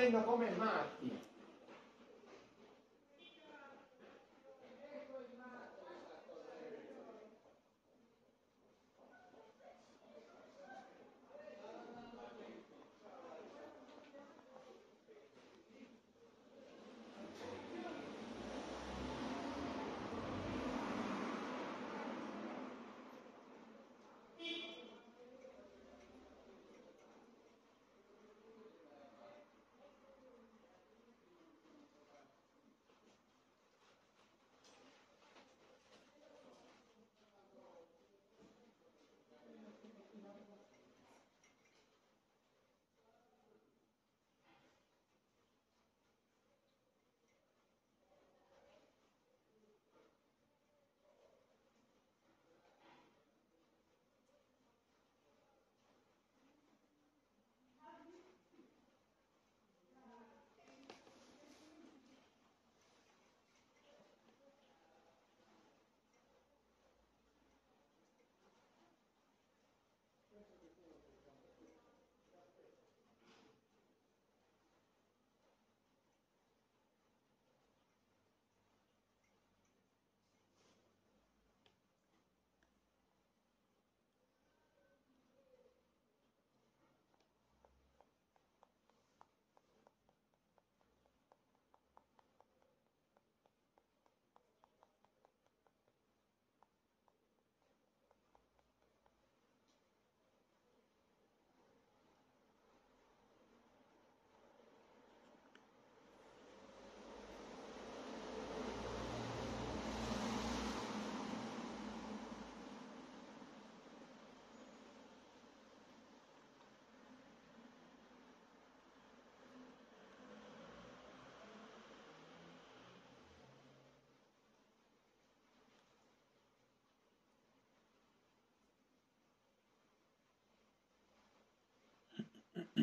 venga, como más,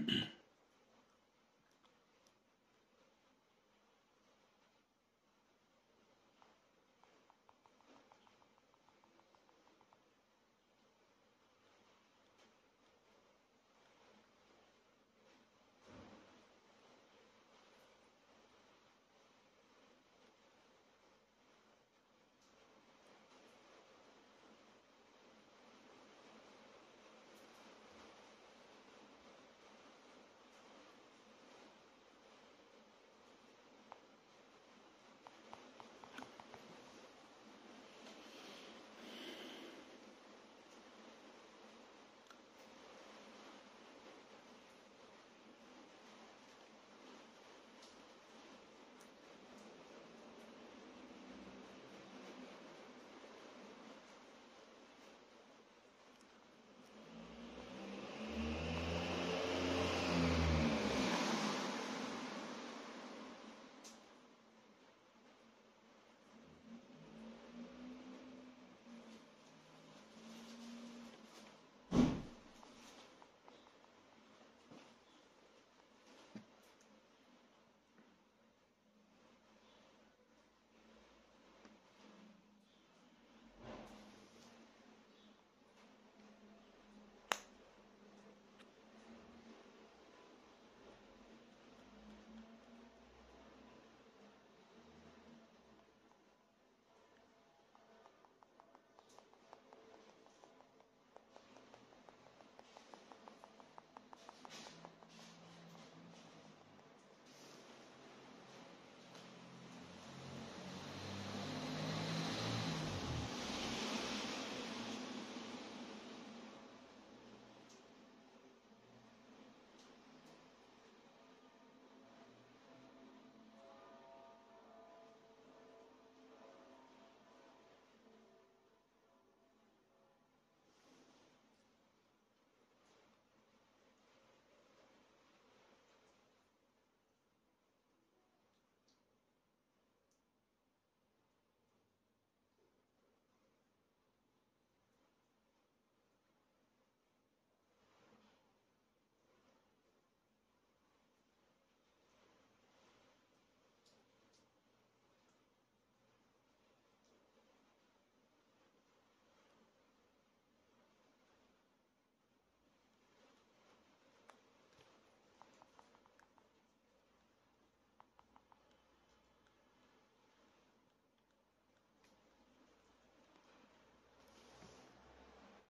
Mm-hmm.